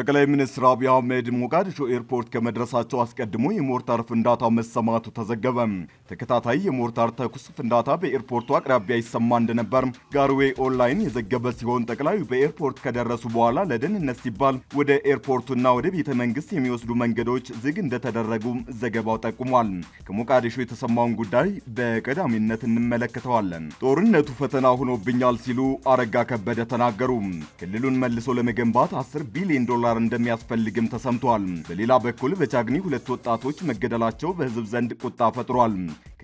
ጠቅላይ ሚኒስትር አብይ አህመድ ሞቃዲሾ ኤርፖርት ከመድረሳቸው አስቀድሞ የሞርታር ፍንዳታ መሰማቱ ተዘገበ። ተከታታይ የሞርታር ተኩስ ፍንዳታ በኤርፖርቱ አቅራቢያ ይሰማ እንደነበር ጋርዌይ ኦንላይን የዘገበ ሲሆን ጠቅላዩ በኤርፖርት ከደረሱ በኋላ ለደህንነት ሲባል ወደ ኤርፖርቱና ወደ ቤተ መንግስት የሚወስዱ መንገዶች ዝግ እንደተደረጉ ዘገባው ጠቁሟል። ከሞቃዲሾ የተሰማውን ጉዳይ በቀዳሚነት እንመለከተዋለን። ጦርነቱ ፈተና ሆኖብኛል ሲሉ አረጋ ከበደ ተናገሩ። ክልሉን መልሶ ለመገንባት 10 ቢሊዮን ዶላር ዶላር እንደሚያስፈልግም ተሰምቷል። በሌላ በኩል በቻግኒ ሁለት ወጣቶች መገደላቸው በህዝብ ዘንድ ቁጣ ፈጥሯል።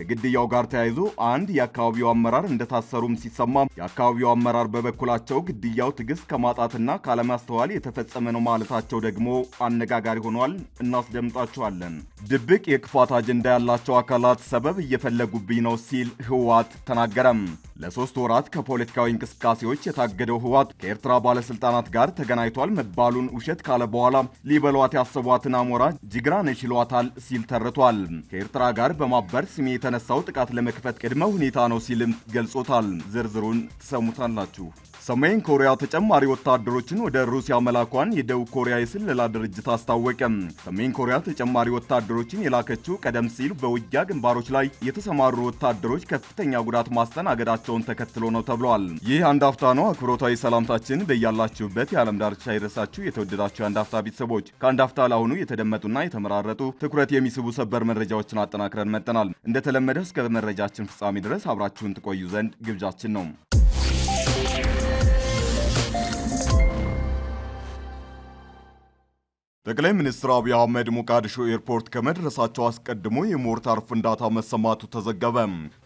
ከግድያው ጋር ተያይዞ አንድ የአካባቢው አመራር እንደታሰሩም ሲሰማ የአካባቢው አመራር በበኩላቸው ግድያው ትዕግስት ከማጣትና ካለማስተዋል የተፈጸመ ነው ማለታቸው ደግሞ አነጋጋሪ ሆኗል። እናስደምጣቸዋለን። ድብቅ የክፋት አጀንዳ ያላቸው አካላት ሰበብ እየፈለጉብኝ ነው ሲል ህወሓት ተናገረም። ለሶስት ወራት ከፖለቲካዊ እንቅስቃሴዎች የታገደው ህወሓት ከኤርትራ ባለስልጣናት ጋር ተገናኝቷል መባሉን ውሸት ካለ በኋላ ሊበሏት ያሰቧትን አሞራ ጅግራ ነሽሏታል ሲል ተርቷል። ከኤርትራ ጋር በማበር ስሜ የተነሳው ጥቃት ለመክፈት ቅድመ ሁኔታ ነው ሲልም ገልጾታል። ዝርዝሩን ትሰሙታላችሁ። ሰሜን ኮሪያ ተጨማሪ ወታደሮችን ወደ ሩሲያ መላኳን የደቡብ ኮሪያ የስለላ ድርጅት አስታወቀ። ሰሜን ኮሪያ ተጨማሪ ወታደሮችን የላከችው ቀደም ሲል በውጊያ ግንባሮች ላይ የተሰማሩ ወታደሮች ከፍተኛ ጉዳት ማስተናገዳቸውን ተከትሎ ነው ተብሏል። ይህ አንድ አፍታ ነው። አክብሮታዊ ሰላምታችን በያላችሁበት የዓለም ዳርቻ ይድረሳችሁ። የተወደዳችሁ የአንድ አፍታ ቤተሰቦች ከአንድ አፍታ ለአሁኑ የተደመጡና የተመራረጡ ትኩረት የሚስቡ ሰበር መረጃዎችን አጠናክረን መጠናል። እንደተለመደ እስከ መረጃችን ፍጻሜ ድረስ አብራችሁን ትቆዩ ዘንድ ግብዣችን ነው። ጠቅላይ ሚኒስትር አብይ አህመድ ሞቃዲሾ ኤርፖርት ከመድረሳቸው አስቀድሞ የሞርታር ፍንዳታ መሰማቱ ተዘገበ።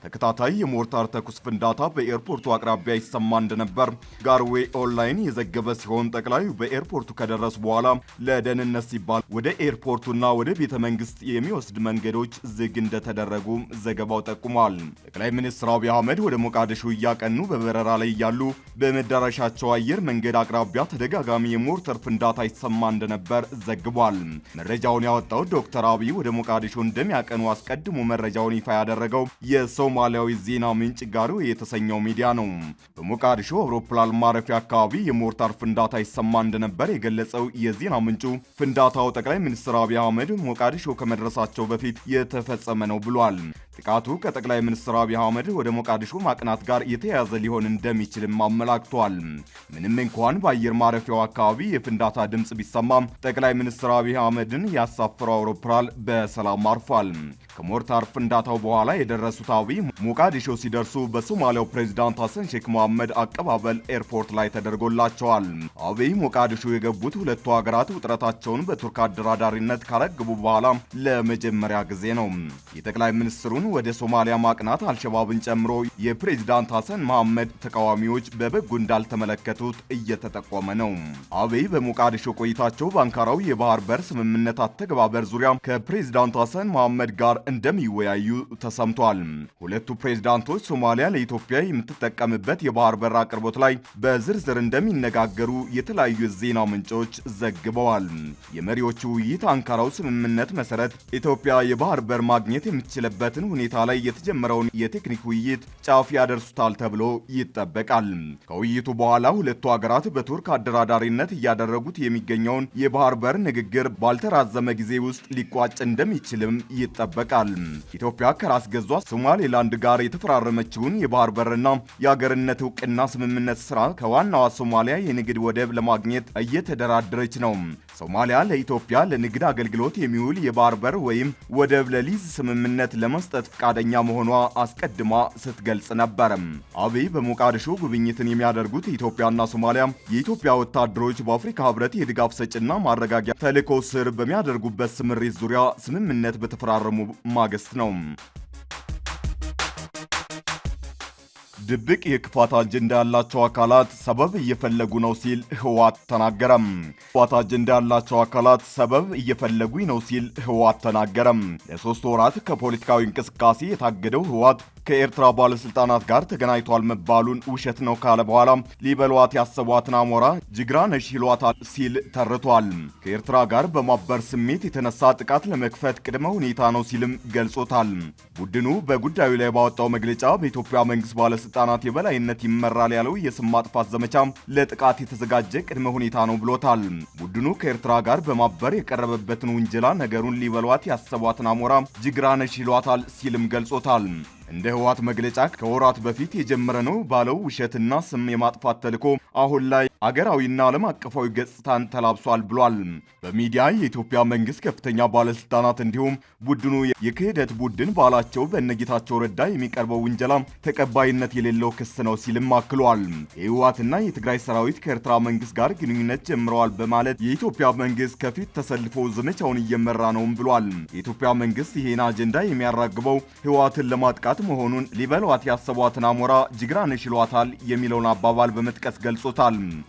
ተከታታይ የሞርታር ተኩስ ፍንዳታ በኤርፖርቱ አቅራቢያ ይሰማ እንደነበር ጋርዌይ ኦንላይን የዘገበ ሲሆን ጠቅላዩ በኤርፖርቱ ከደረሱ በኋላ ለደህንነት ሲባል ወደ ኤርፖርቱና ወደ ቤተ መንግስት የሚወስድ መንገዶች ዝግ እንደተደረጉ ዘገባው ጠቁሟል። ጠቅላይ ሚኒስትር አብይ አህመድ ወደ ሞቃዲሾ እያቀኑ በበረራ ላይ እያሉ በመዳረሻቸው አየር መንገድ አቅራቢያ ተደጋጋሚ የሞርተር ፍንዳታ ይሰማ እንደነበር ዘግቧል። መረጃውን ያወጣው ዶክተር አብይ ወደ ሞቃዲሾ እንደሚያቀኑ አስቀድሞ መረጃውን ይፋ ያደረገው የሶማሊያዊ ዜና ምንጭ ጋሪ የተሰኘው ሚዲያ ነው። በሞቃዲሾ አውሮፕላን ማረፊያ አካባቢ የሞርታር ፍንዳታ ይሰማ እንደነበር የገለጸው የዜና ምንጩ ፍንዳታው ጠቅላይ ሚኒስትር አብይ አህመድ ሞቃዲሾ ከመድረሳቸው በፊት የተፈጸመ ነው ብሏል። ጥቃቱ ከጠቅላይ ሚኒስትር አብይ አህመድ ወደ ሞቃዲሾ ማቅናት ጋር የተያያዘ ሊሆን እንደሚችልም አመላክቷል። ምንም እንኳን በአየር ማረፊያው አካባቢ የፍንዳታ ድምፅ ቢሰማም ጠቅላይ ሚኒስትር አብይ አህመድን ያሳፈረው አውሮፕላን በሰላም አርፏል። ከሞርታር ፍንዳታው በኋላ የደረሱት አብይ ሞቃዲሾ ሲደርሱ በሶማሊያው ፕሬዚዳንት ሐሰን ሼክ መሐመድ አቀባበል ኤርፖርት ላይ ተደርጎላቸዋል። አብይ ሞቃዲሾ የገቡት ሁለቱ ሀገራት ውጥረታቸውን በቱርክ አደራዳሪነት ካረግቡ በኋላ ለመጀመሪያ ጊዜ ነው። የጠቅላይ ሚኒስትሩን ወደ ሶማሊያ ማቅናት አልሸባብን ጨምሮ የፕሬዚዳንት ሐሰን መሐመድ ተቃዋሚዎች በበጎ እንዳልተመለከቱት እየተጠቆመ ነው። አብይ በሞቃዲሾ ቆይታቸው በአንካራው የባህር በር ስምምነት አተገባበር ዙሪያ ከፕሬዚዳንት ሐሰን መሐመድ ጋር እንደሚወያዩ ተሰምቷል። ሁለቱ ፕሬዝዳንቶች ሶማሊያ ለኢትዮጵያ የምትጠቀምበት የባህር በር አቅርቦት ላይ በዝርዝር እንደሚነጋገሩ የተለያዩ ዜና ምንጮች ዘግበዋል። የመሪዎቹ ውይይት አንካራው ስምምነት መሰረት ኢትዮጵያ የባህር በር ማግኘት የምትችልበትን ሁኔታ ላይ የተጀመረውን የቴክኒክ ውይይት ጫፍ ያደርሱታል ተብሎ ይጠበቃል። ከውይይቱ በኋላ ሁለቱ ሀገራት በቱርክ አደራዳሪነት እያደረጉት የሚገኘውን የባህር በር ንግግር ባልተራዘመ ጊዜ ውስጥ ሊቋጭ እንደሚችልም ይጠበቃል። ይታወቃል። ኢትዮጵያ ከራስ ገዟ ሶማሌላንድ ጋር የተፈራረመችውን የባህር በርና የአገርነት እውቅና ስምምነት ስራ ከዋናዋ ሶማሊያ የንግድ ወደብ ለማግኘት እየተደራደረች ነው። ሶማሊያ ለኢትዮጵያ ለንግድ አገልግሎት የሚውል የባህር በር ወይም ወደብ ለሊዝ ስምምነት ለመስጠት ፈቃደኛ መሆኗ አስቀድማ ስትገልጽ ነበር። አብይ በሞቃዲሾ ጉብኝትን የሚያደርጉት ኢትዮጵያና ሶማሊያ የኢትዮጵያ ወታደሮች በአፍሪካ ህብረት የድጋፍ ሰጪና ማረጋጊያ ተልዕኮ ስር በሚያደርጉበት ስምሪት ዙሪያ ስምምነት በተፈራረሙ ማግስት ነው። ድብቅ የክፋት አጀንዳ ያላቸው አካላት ሰበብ እየፈለጉ ነው ሲል ህወሓት ተናገረም። ክፋት አጀንዳ ያላቸው አካላት ሰበብ እየፈለጉ ነው ሲል ህወሓት ተናገረም። ለሶስት ወራት ከፖለቲካዊ እንቅስቃሴ የታገደው ህወሓት ከኤርትራ ባለስልጣናት ጋር ተገናኝቷል መባሉን ውሸት ነው ካለ በኋላ ሊበሏት ያሰቧትን አሞራ ጅግራ ነሽ ይሏታል ሲል ተርቷል። ከኤርትራ ጋር በማበር ስሜት የተነሳ ጥቃት ለመክፈት ቅድመ ሁኔታ ነው ሲልም ገልጾታል። ቡድኑ በጉዳዩ ላይ ባወጣው መግለጫ በኢትዮጵያ መንግስት ባለስልጣናት የበላይነት ይመራል ያለው የስም ማጥፋት ዘመቻ ለጥቃት የተዘጋጀ ቅድመ ሁኔታ ነው ብሎታል። ቡድኑ ከኤርትራ ጋር በማበር የቀረበበትን ውንጀላ ነገሩን ሊበሏት ያሰቧትን አሞራ ጅግራ ነሽ ይሏታል ሲልም ገልጾታል። እንደ ህወሓት መግለጫ ከወራት በፊት የጀመረ ነው ባለው ውሸትና ስም የማጥፋት ተልዕኮ አሁን ላይ አገራዊና ዓለም አቀፋዊ ገጽታን ተላብሷል ብሏል። በሚዲያ የኢትዮጵያ መንግስት ከፍተኛ ባለስልጣናት እንዲሁም ቡድኑ የክህደት ቡድን ባላቸው በእነጌታቸው ረዳ የሚቀርበው ውንጀላ ተቀባይነት የሌለው ክስ ነው ሲልም አክሏል። የህወሓትና የትግራይ ሰራዊት ከኤርትራ መንግስት ጋር ግንኙነት ጀምረዋል በማለት የኢትዮጵያ መንግስት ከፊት ተሰልፎ ዘመቻውን እየመራ ነውም ብሏል። የኢትዮጵያ መንግስት ይህን አጀንዳ የሚያራግበው ህወሓትን ለማጥቃት መሆኑን ሊበሏት ያሰቧትን አሞራ ጅግራን ሽሏታል የሚለውን አባባል በመጥቀስ ገልጾታል።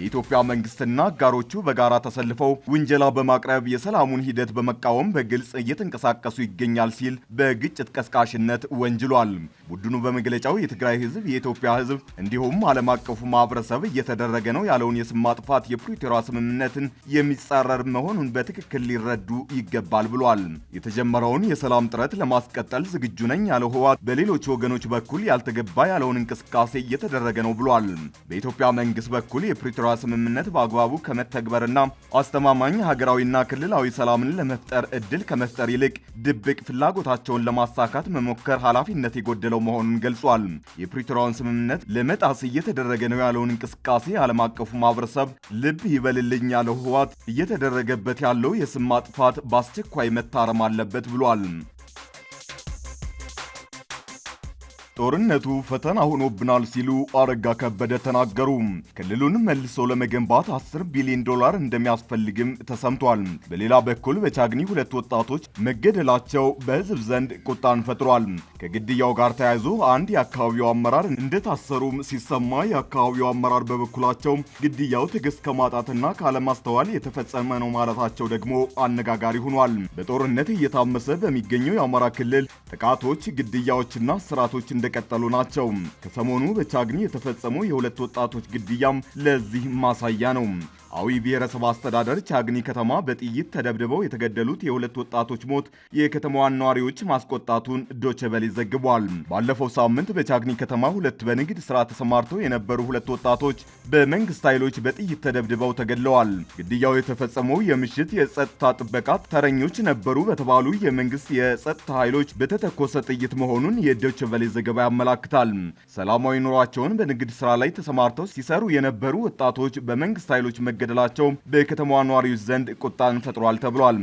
የኢትዮጵያ መንግስትና አጋሮቹ በጋራ ተሰልፈው ውንጀላ በማቅረብ የሰላሙን ሂደት በመቃወም በግልጽ እየተንቀሳቀሱ ይገኛል ሲል በግጭት ቀስቃሽነት ወንጅሏል። ቡድኑ በመግለጫው የትግራይ ህዝብ፣ የኢትዮጵያ ህዝብ እንዲሁም ዓለም አቀፉ ማህበረሰብ እየተደረገ ነው ያለውን የስም ማጥፋት የፕሪቶሪያ ስምምነትን የሚጻረር መሆኑን በትክክል ሊረዱ ይገባል ብሏል። የተጀመረውን የሰላም ጥረት ለማስቀጠል ዝግጁ ነኝ ያለው ህወሓት በሌሎች ወገኖች በኩል ያልተገባ ያለውን እንቅስቃሴ እየተደረገ ነው ብሏል። በኢትዮጵያ መንግስት በኩል የፕሪቶ የፕሪቶሪያ ስምምነት በአግባቡ ከመተግበርና አስተማማኝ ሀገራዊና ክልላዊ ሰላምን ለመፍጠር እድል ከመፍጠር ይልቅ ድብቅ ፍላጎታቸውን ለማሳካት መሞከር ኃላፊነት የጎደለው መሆኑን ገልጿል። የፕሪቶሪያውን ስምምነት ለመጣስ እየተደረገ ነው ያለውን እንቅስቃሴ ዓለም አቀፉ ማህበረሰብ ልብ ይበልልኝ ያለው ህወሓት እየተደረገበት ያለው የስም ማጥፋት በአስቸኳይ መታረም አለበት ብሏል። ጦርነቱ ፈተና ሆኖብናል ሲሉ አረጋ ከበደ ተናገሩ። ክልሉን መልሶ ለመገንባት 10 ቢሊዮን ዶላር እንደሚያስፈልግም ተሰምቷል። በሌላ በኩል በቻግኒ ሁለት ወጣቶች መገደላቸው በሕዝብ ዘንድ ቁጣን ፈጥሯል። ከግድያው ጋር ተያይዞ አንድ የአካባቢው አመራር እንደታሰሩም ሲሰማ የአካባቢው አመራር በበኩላቸው ግድያው ትዕግስት ከማጣትና ካለማስተዋል የተፈጸመ ነው ማለታቸው ደግሞ አነጋጋሪ ሆኗል። በጦርነት እየታመሰ በሚገኘው የአማራ ክልል ጥቃቶች፣ ግድያዎችና ስራቶች እንደቀጠሉ ናቸው። ከሰሞኑ በቻግኒ የተፈጸመው የሁለት ወጣቶች ግድያም ለዚህ ማሳያ ነው። አዊ ብሔረሰብ አስተዳደር ቻግኒ ከተማ በጥይት ተደብድበው የተገደሉት የሁለት ወጣቶች ሞት የከተማዋን ነዋሪዎች ማስቆጣቱን ዶቸበሌ ዘግቧል። ባለፈው ሳምንት በቻግኒ ከተማ ሁለት በንግድ ስራ ተሰማርተው የነበሩ ሁለት ወጣቶች በመንግስት ኃይሎች በጥይት ተደብድበው ተገድለዋል። ግድያው የተፈጸመው የምሽት የጸጥታ ጥበቃ ተረኞች ነበሩ በተባሉ የመንግስት የጸጥታ ኃይሎች በተተኮሰ ጥይት መሆኑን የዶቸበሌ ዘገባ ያመላክታል። ሰላማዊ ኑሯቸውን በንግድ ስራ ላይ ተሰማርተው ሲሰሩ የነበሩ ወጣቶች በመንግስት ኃይሎች መገ መገደላቸው በከተማዋ ነዋሪዎች ዘንድ ቁጣን ፈጥሯል ተብሏል።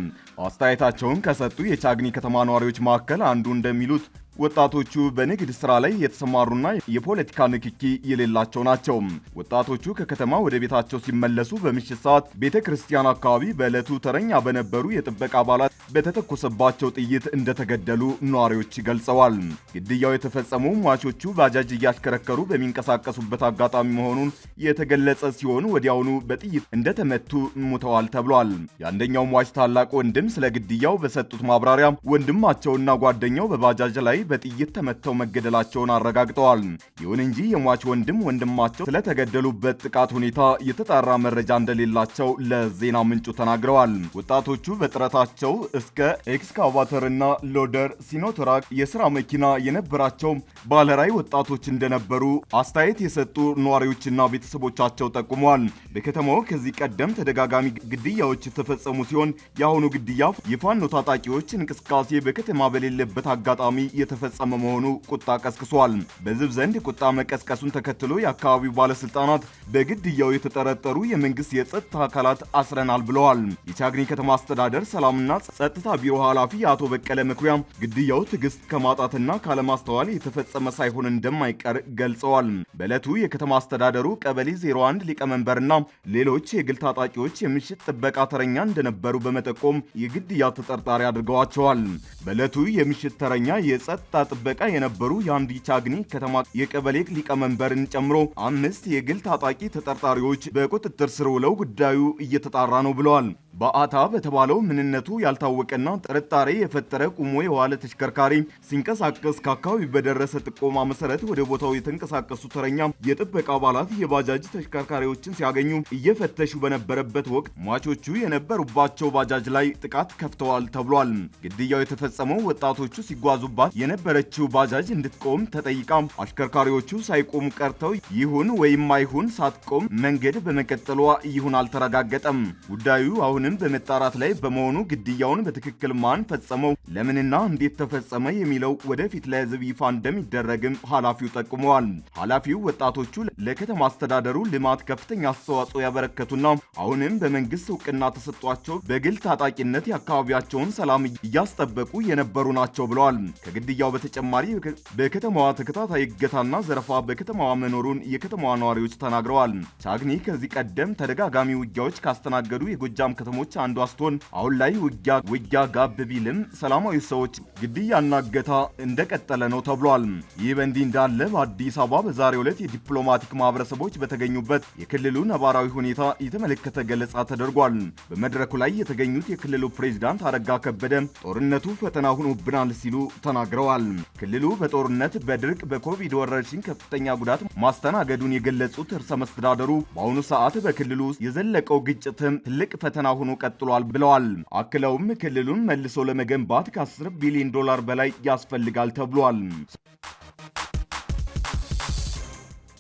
አስተያየታቸውን ከሰጡ የቻግኒ ከተማ ነዋሪዎች መካከል አንዱ እንደሚሉት ወጣቶቹ በንግድ ስራ ላይ የተሰማሩና የፖለቲካ ንክኪ የሌላቸው ናቸው። ወጣቶቹ ከከተማ ወደ ቤታቸው ሲመለሱ በምሽት ሰዓት ቤተ ክርስቲያን አካባቢ በዕለቱ ተረኛ በነበሩ የጥበቃ አባላት በተተኮሰባቸው ጥይት እንደተገደሉ ነዋሪዎች ገልጸዋል። ግድያው የተፈጸመው ሟቾቹ ባጃጅ እያሽከረከሩ በሚንቀሳቀሱበት አጋጣሚ መሆኑን የተገለጸ ሲሆን ወዲያውኑ በጥይት እንደተመቱ ሙተዋል ተብሏል። የአንደኛው ሟች ታላቅ ወንድም ስለ ግድያው በሰጡት ማብራሪያ ወንድማቸውና ጓደኛው በባጃጅ ላይ በጥይት ተመተው መገደላቸውን አረጋግጠዋል። ይሁን እንጂ የሟች ወንድም ወንድማቸው ስለተገደሉበት ጥቃት ሁኔታ የተጣራ መረጃ እንደሌላቸው ለዜና ምንጩ ተናግረዋል። ወጣቶቹ በጥረታቸው እስከ ኤክስካቫተርና ሎደር ሲኖትራክ የስራ መኪና የነበራቸው ባለራይ ወጣቶች እንደነበሩ አስተያየት የሰጡ ነዋሪዎችና ቤተሰቦቻቸው ጠቁመዋል። በከተማው ከዚህ ቀደም ተደጋጋሚ ግድያዎች የተፈጸሙ ሲሆን የአሁኑ ግድያ የፋኖ ታጣቂዎች እንቅስቃሴ በከተማ በሌለበት አጋጣሚ እየተፈጸመ መሆኑ ቁጣ ቀስቅሷል። በህዝብ ዘንድ ቁጣ መቀስቀሱን ተከትሎ የአካባቢው ባለስልጣናት በግድያው የተጠረጠሩ የመንግስት የጸጥታ አካላት አስረናል ብለዋል። የቻግኒ ከተማ አስተዳደር ሰላምና ጸጥታ ቢሮ ኃላፊ የአቶ በቀለ መኩሪያ ግድያው ትዕግስት ከማጣትና ካለማስተዋል የተፈጸመ ሳይሆን እንደማይቀር ገልጸዋል። በዕለቱ የከተማ አስተዳደሩ ቀበሌ 01 ሊቀመንበርና ሌሎች የግል ታጣቂዎች የምሽት ጥበቃ ተረኛ እንደነበሩ በመጠቆም የግድያ ተጠርጣሪ አድርገዋቸዋል። በዕለቱ የምሽት ተረኛ የጸጥ በጸጥታ ጥበቃ የነበሩ የአምዲ ቻግኒ ከተማ የቀበሌ ሊቀመንበርን ጨምሮ አምስት የግል ታጣቂ ተጠርጣሪዎች በቁጥጥር ስር ውለው ጉዳዩ እየተጣራ ነው ብለዋል። በአታ በተባለው ምንነቱ ያልታወቀና ጥርጣሬ የፈጠረ ቁሞ የዋለ ተሽከርካሪ ሲንቀሳቀስ ከአካባቢ በደረሰ ጥቆማ መሰረት ወደ ቦታው የተንቀሳቀሱ ተረኛ የጥበቃ አባላት የባጃጅ ተሽከርካሪዎችን ሲያገኙ እየፈተሹ በነበረበት ወቅት ሟቾቹ የነበሩባቸው ባጃጅ ላይ ጥቃት ከፍተዋል ተብሏል። ግድያው የተፈጸመው ወጣቶቹ ሲጓዙባት የነበረችው ባጃጅ እንድትቆም ተጠይቃ አሽከርካሪዎቹ ሳይቆሙ ቀርተው ይሁን ወይም አይሁን ሳትቆም መንገድ በመቀጠሏ ይሁን አልተረጋገጠም። ጉዳዩ አሁንም ይህንንም በመጣራት ላይ በመሆኑ ግድያውን በትክክል ማን ፈጸመው፣ ለምንና እንዴት ተፈጸመ የሚለው ወደፊት ለህዝብ ይፋ እንደሚደረግም ኃላፊው ጠቁመዋል። ኃላፊው ወጣቶቹ ለከተማ አስተዳደሩ ልማት ከፍተኛ አስተዋጽኦ ያበረከቱና አሁንም በመንግስት እውቅና ተሰጧቸው በግል ታጣቂነት የአካባቢያቸውን ሰላም እያስጠበቁ የነበሩ ናቸው ብለዋል። ከግድያው በተጨማሪ በከተማዋ ተከታታይ እገታና ዘረፋ በከተማዋ መኖሩን የከተማዋ ነዋሪዎች ተናግረዋል። ቻግኒ ከዚህ ቀደም ተደጋጋሚ ውጊያዎች ካስተናገዱ የጎጃም ከተማ ከተሞች አንዷ ስትሆን አሁን ላይ ውጊያ ውጊያ ጋብ ቢልም ሰላማዊ ሰዎች ግድያና እገታ እንደቀጠለ ነው ተብሏል። ይህ በእንዲህ እንዳለ በአዲስ አበባ በዛሬው ዕለት የዲፕሎማቲክ ማህበረሰቦች በተገኙበት የክልሉ ነባራዊ ሁኔታ የተመለከተ ገለጻ ተደርጓል። በመድረኩ ላይ የተገኙት የክልሉ ፕሬዚዳንት አረጋ ከበደ ጦርነቱ ፈተና ሆኖብናል ሲሉ ተናግረዋል። ክልሉ በጦርነት በድርቅ በኮቪድ ወረርሽኝ ከፍተኛ ጉዳት ማስተናገዱን የገለጹት እርሰ መስተዳደሩ በአሁኑ ሰዓት በክልሉ ውስጥ የዘለቀው ግጭትም ትልቅ ፈተና ሆኖ ቀጥሏል ብለዋል። አክለውም ክልሉን መልሶ ለመገንባት ከ10 ቢሊዮን ዶላር በላይ ያስፈልጋል ተብሏል።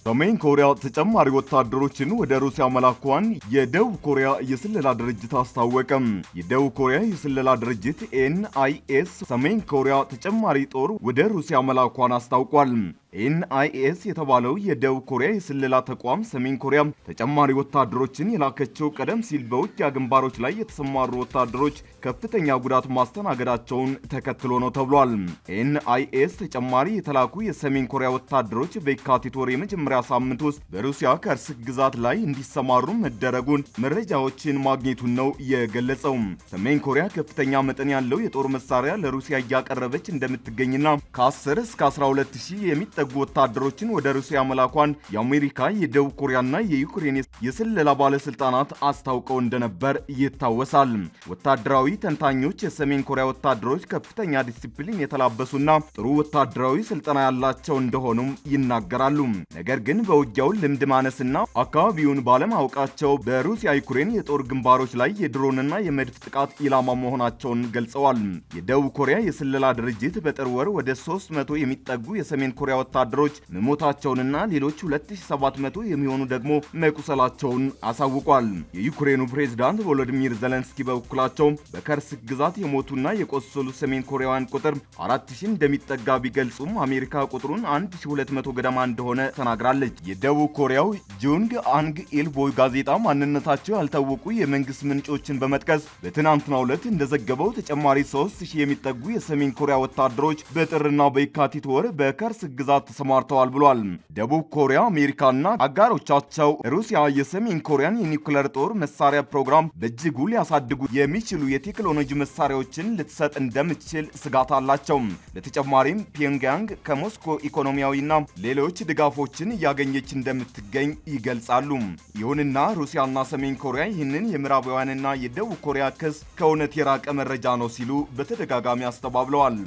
ሰሜን ኮሪያ ተጨማሪ ወታደሮችን ወደ ሩሲያ መላኳን የደቡብ ኮሪያ የስለላ ድርጅት አስታወቀም። የደቡብ ኮሪያ የስለላ ድርጅት ኤንአይኤስ ሰሜን ኮሪያ ተጨማሪ ጦር ወደ ሩሲያ መላኳን አስታውቋል። ኤንአይኤስ የተባለው የደቡብ ኮሪያ የስለላ ተቋም ሰሜን ኮሪያ ተጨማሪ ወታደሮችን የላከችው ቀደም ሲል በውጊያ ግንባሮች ላይ የተሰማሩ ወታደሮች ከፍተኛ ጉዳት ማስተናገዳቸውን ተከትሎ ነው ተብሏል። ኤንአይኤስ ተጨማሪ የተላኩ የሰሜን ኮሪያ ወታደሮች በየካቲት ወር የመጀመሪያ ሳምንት ውስጥ በሩሲያ ከርስ ግዛት ላይ እንዲሰማሩ መደረጉን መረጃዎችን ማግኘቱን ነው የገለጸው። ሰሜን ኮሪያ ከፍተኛ መጠን ያለው የጦር መሳሪያ ለሩሲያ እያቀረበች እንደምትገኝና ከ10 እስከ 12 ሺህ የሚጠ የሚጠጉ ወታደሮችን ወደ ሩሲያ መላኳን የአሜሪካ የደቡብ ኮሪያና የዩክሬን የስለላ ባለስልጣናት አስታውቀው እንደነበር ይታወሳል። ወታደራዊ ተንታኞች የሰሜን ኮሪያ ወታደሮች ከፍተኛ ዲሲፕሊን የተላበሱና ጥሩ ወታደራዊ ስልጠና ያላቸው እንደሆኑም ይናገራሉ። ነገር ግን በውጊያው ልምድ ማነስና አካባቢውን ባለማወቃቸው በሩሲያ ዩክሬን የጦር ግንባሮች ላይ የድሮንና የመድፍ ጥቃት ኢላማ መሆናቸውን ገልጸዋል። የደቡብ ኮሪያ የስለላ ድርጅት በጥር ወር ወደ 300 የሚጠጉ የሰሜን ኮሪያ ወታደሮች መሞታቸውንና ሌሎች 2700 የሚሆኑ ደግሞ መቁሰላቸውን አሳውቋል። የዩክሬኑ ፕሬዝዳንት ቮሎዲሚር ዘለንስኪ በበኩላቸው በከርስክ ግዛት የሞቱና የቆሰሉ ሰሜን ኮሪያውያን ቁጥር 4000 እንደሚጠጋ ቢገልጹም አሜሪካ ቁጥሩን 1200 ገደማ እንደሆነ ተናግራለች። የደቡብ ኮሪያው ጆንግ አንግ ኢልቦይ ጋዜጣ ማንነታቸው ያልታወቁ የመንግስት ምንጮችን በመጥቀስ በትናንትናው ዕለት እንደዘገበው ተጨማሪ 3000 የሚጠጉ የሰሜን ኮሪያ ወታደሮች በጥርና በየካቲት ወር በከርስ ግዛት ሀገራት ተሰማርተዋል ብሏል። ደቡብ ኮሪያ፣ አሜሪካና አጋሮቻቸው ሩሲያ የሰሜን ኮሪያን የኒውክለር ጦር መሳሪያ ፕሮግራም በእጅጉ ሊያሳድጉ የሚችሉ የቴክኖሎጂ መሳሪያዎችን ልትሰጥ እንደምትችል ስጋት አላቸው። በተጨማሪም ፒዮንግያንግ ከሞስኮ ኢኮኖሚያዊና ሌሎች ድጋፎችን እያገኘች እንደምትገኝ ይገልጻሉ። ይሁንና ሩሲያና ሰሜን ኮሪያ ይህንን የምዕራባውያንና የደቡብ ኮሪያ ክስ ከእውነት የራቀ መረጃ ነው ሲሉ በተደጋጋሚ አስተባብለዋል።